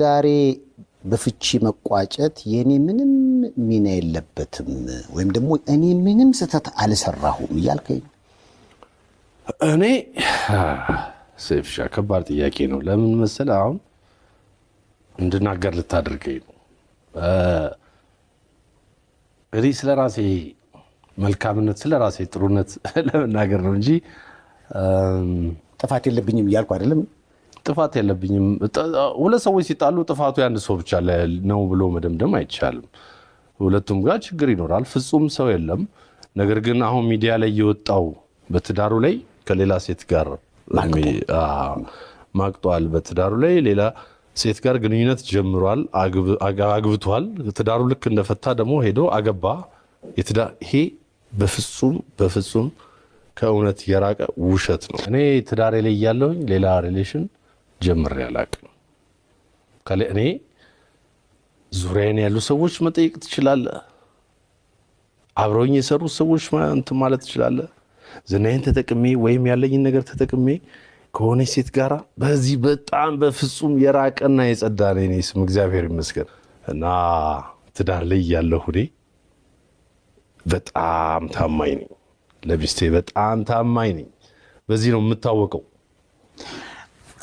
ዛሬ በፍቺ መቋጨት የእኔ ምንም ሚና የለበትም ወይም ደግሞ እኔ ምንም ስህተት አልሰራሁም እያልከኝ እኔ ሴፍሻ ከባድ ጥያቄ ነው። ለምን መሰለህ አሁን እንድናገር ልታደርገኝ ነው። እኔ ስለ ራሴ መልካምነት ስለ ራሴ ጥሩነት ለመናገር ነው እንጂ ጥፋት የለብኝም እያልኩ አይደለም። ጥፋት የለብኝም። ሁለት ሰዎች ሲጣሉ ጥፋቱ የአንድ ሰው ብቻ ነው ብሎ መደምደም አይቻልም። ሁለቱም ጋር ችግር ይኖራል። ፍጹም ሰው የለም። ነገር ግን አሁን ሚዲያ ላይ የወጣው በትዳሩ ላይ ከሌላ ሴት ጋር ማቅጧል፣ በትዳሩ ላይ ሌላ ሴት ጋር ግንኙነት ጀምሯል፣ አግብቷል። ትዳሩ ልክ እንደፈታ ደግሞ ሄዶ አገባ። ይሄ በፍጹም በፍጹም ከእውነት የራቀ ውሸት ነው። እኔ ትዳሬ ላይ እያለሁኝ ሌላ ሪሌሽን ጀምሬ አላቅም። እኔ ዙሪያን ያሉ ሰዎች መጠየቅ ትችላለህ። አብረውኝ የሰሩ ሰዎች እንትን ማለት ትችላለህ። ዝናዬን ተጠቅሜ ወይም ያለኝን ነገር ተጠቅሜ ከሆነች ሴት ጋር በዚህ በጣም በፍጹም የራቀና የጸዳ ነው የእኔ ስም እግዚአብሔር ይመስገን። እና ትዳር ላይ ያለሁ እኔ በጣም ታማኝ ነኝ፣ ለሚስቴ በጣም ታማኝ ነኝ። በዚህ ነው የምታወቀው።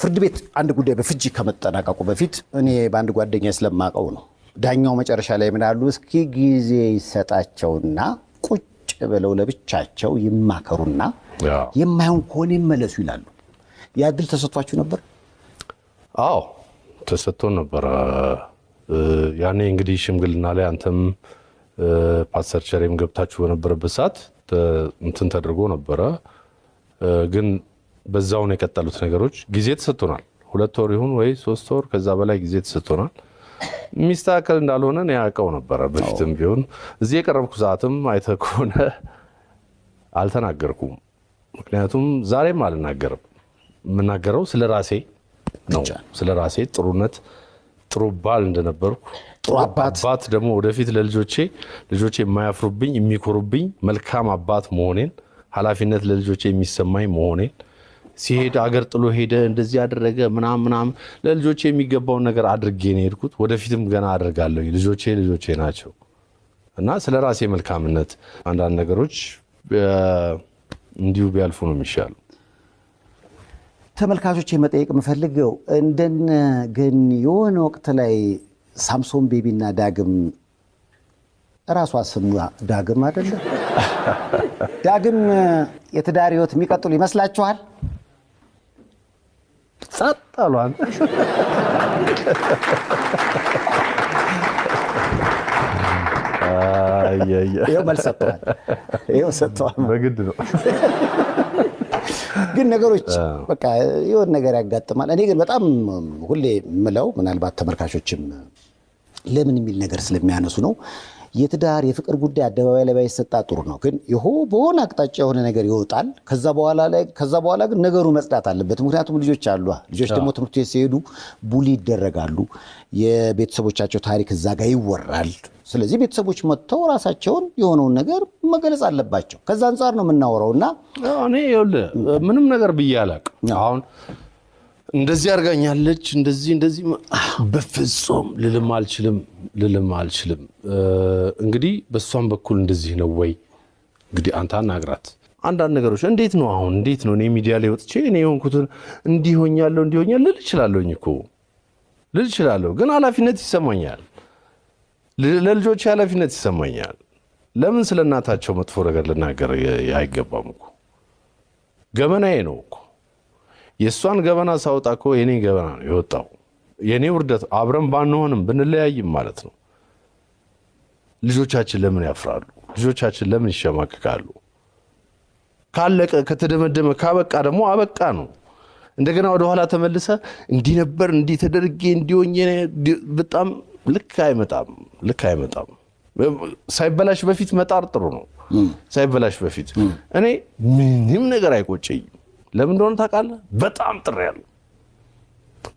ፍርድ ቤት አንድ ጉዳይ በፍጅ ከመጠናቀቁ በፊት እኔ በአንድ ጓደኛ ስለማቀው ነው። ዳኛው መጨረሻ ላይ ምናሉ፣ እስኪ ጊዜ ይሰጣቸውና ቁጭ ብለው ለብቻቸው ይማከሩና የማይሆን ከሆነ ይመለሱ ይላሉ። ያ እድል ተሰጥቷችሁ ነበር? አዎ ተሰጥቶ ነበረ። ያኔ እንግዲህ ሽምግልና ላይ አንተም ፓስተር ቸሬም ገብታችሁ በነበረበት ሰዓት እንትን ተደርጎ ነበረ ግን በዛውን የቀጠሉት ነገሮች። ጊዜ ተሰጥቶናል፣ ሁለት ወር ይሁን ወይ ሶስት ወር ከዛ በላይ ጊዜ ተሰጥቶናል። የሚስተካከል እንዳልሆነ እኔ ያውቀው ነበረ። በፊትም ቢሆን እዚህ የቀረብኩ ሰዓትም አይተህ ከሆነ አልተናገርኩም። ምክንያቱም ዛሬም አልናገርም። የምናገረው ስለ ራሴ ነው፣ ስለ ራሴ ጥሩነት፣ ጥሩ ባል እንደነበርኩ ጥሩ አባት ደግሞ ወደፊት ለልጆቼ ልጆቼ የማያፍሩብኝ የሚኮሩብኝ መልካም አባት መሆኔን ኃላፊነት ለልጆቼ የሚሰማኝ መሆኔን ሲሄድ አገር ጥሎ ሄደ፣ እንደዚህ ያደረገ ምናም ምናምን። ለልጆቼ የሚገባውን ነገር አድርጌ ነው የሄድኩት። ወደፊትም ገና አድርጋለሁ። ልጆቼ ልጆቼ ናቸው እና ስለ ራሴ መልካምነት አንዳንድ ነገሮች እንዲሁ ቢያልፉ ነው የሚሻሉ። ተመልካቾች መጠየቅ የምፈልገው እንደነ ግን የሆነ ወቅት ላይ ሳምሶን ቤቢና ዳግም እራሷ ስሟ ዳግም አይደለም ዳግም የትዳር የሚቀጥሉ ይመስላችኋል? ጸጥ አሏል። አንተ ሰጥተዋል። በግድ ነው ግን ነገሮች በቃ የሆነ ነገር ያጋጥማል። እኔ ግን በጣም ሁሌ ምለው ምናልባት ተመልካቾችም ለምን የሚል ነገር ስለሚያነሱ ነው የትዳር የፍቅር ጉዳይ አደባባይ ላይ ባይሰጣ ጥሩ ነው። ግን ይሆ በሆነ አቅጣጫ የሆነ ነገር ይወጣል። ከዛ በኋላ ግን ነገሩ መጽዳት አለበት። ምክንያቱም ልጆች አሉ። ልጆች ደግሞ ትምህርት ቤት ሲሄዱ ቡሊ ይደረጋሉ። የቤተሰቦቻቸው ታሪክ እዛ ጋር ይወራል። ስለዚህ ቤተሰቦች መጥተው ራሳቸውን የሆነውን ነገር መገለጽ አለባቸው። ከዛ አንጻር ነው የምናወራው እና እኔ ምንም ነገር ብዬ አላቅም አሁን እንደዚህ አድርጋኛለች እንደዚህ እንደዚህ በፍጹም ልልም አልችልም ልልም አልችልም። እንግዲህ በእሷም በኩል እንደዚህ ነው ወይ እንግዲህ አንተ አናግራት አንዳንድ ነገሮች እንዴት ነው አሁን እንዴት ነው እኔ ሚዲያ ላይ ወጥቼ እኔ የሆንኩትን እንዲሆኛለሁ እንዲሆኛል ልል እችላለሁኝ እኮ ልል እችላለሁ፣ ግን ኃላፊነት ይሰማኛል። ለልጆች ኃላፊነት ይሰማኛል። ለምን ስለ እናታቸው መጥፎ ነገር ልናገር አይገባም እኮ ገመናዬ ነው እኮ የእሷን ገበና ሳውጣ እኮ የኔ ገበና ነው የወጣው፣ የኔ ውርደት። አብረን ባንሆንም ብንለያይም ማለት ነው። ልጆቻችን ለምን ያፍራሉ? ልጆቻችን ለምን ይሸማቅቃሉ? ካለቀ ከተደመደመ ካበቃ ደግሞ አበቃ ነው። እንደገና ወደኋላ ተመልሰ እንዲህ ነበር እንዲህ ተደርጌ በጣም ልክ አይመጣም፣ ልክ አይመጣም። ሳይበላሽ በፊት መጣር ጥሩ ነው። ሳይበላሽ በፊት እኔ ምንም ነገር አይቆጨኝም። ለምን እንደሆነ ታውቃለህ? በጣም ጥሬ ያለ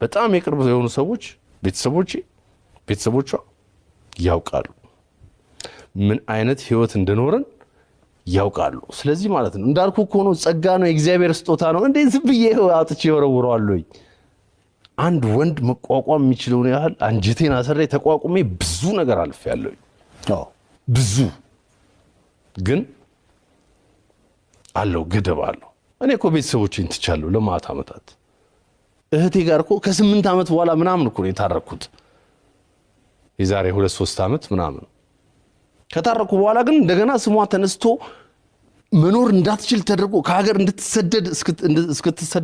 በጣም የቅርብ የሆኑ ሰዎች ቤተሰቦች ቤተሰቦቿ ያውቃሉ ምን አይነት ህይወት እንደኖርን ያውቃሉ። ስለዚህ ማለት ነው እንዳልኩ እኮ ነው፣ ጸጋ ነው፣ የእግዚአብሔር ስጦታ ነው። እንዴ ዝም ብዬ አውጥቼ የወረውረዋለሁ? አንድ ወንድ መቋቋም የሚችለውን ያህል አንጀቴን አሰሬ ተቋቁሜ ብዙ ነገር አልፌያለሁ። ብዙ ግን አለው ገደብ አለው። እኔ እኮ ቤተሰቦቼን ትቻለሁ ለማት ዓመታት እህቴ ጋር እኮ ከስምንት ዓመት በኋላ ምናምን እኮ ነው የታረኩት። የዛሬ ሁለት ሶስት ዓመት ምናምን ከታረኩ በኋላ ግን እንደገና ስሟ ተነስቶ መኖር እንዳትችል ተደርጎ ከሀገር እንድትሰደድ እስክትሰደድ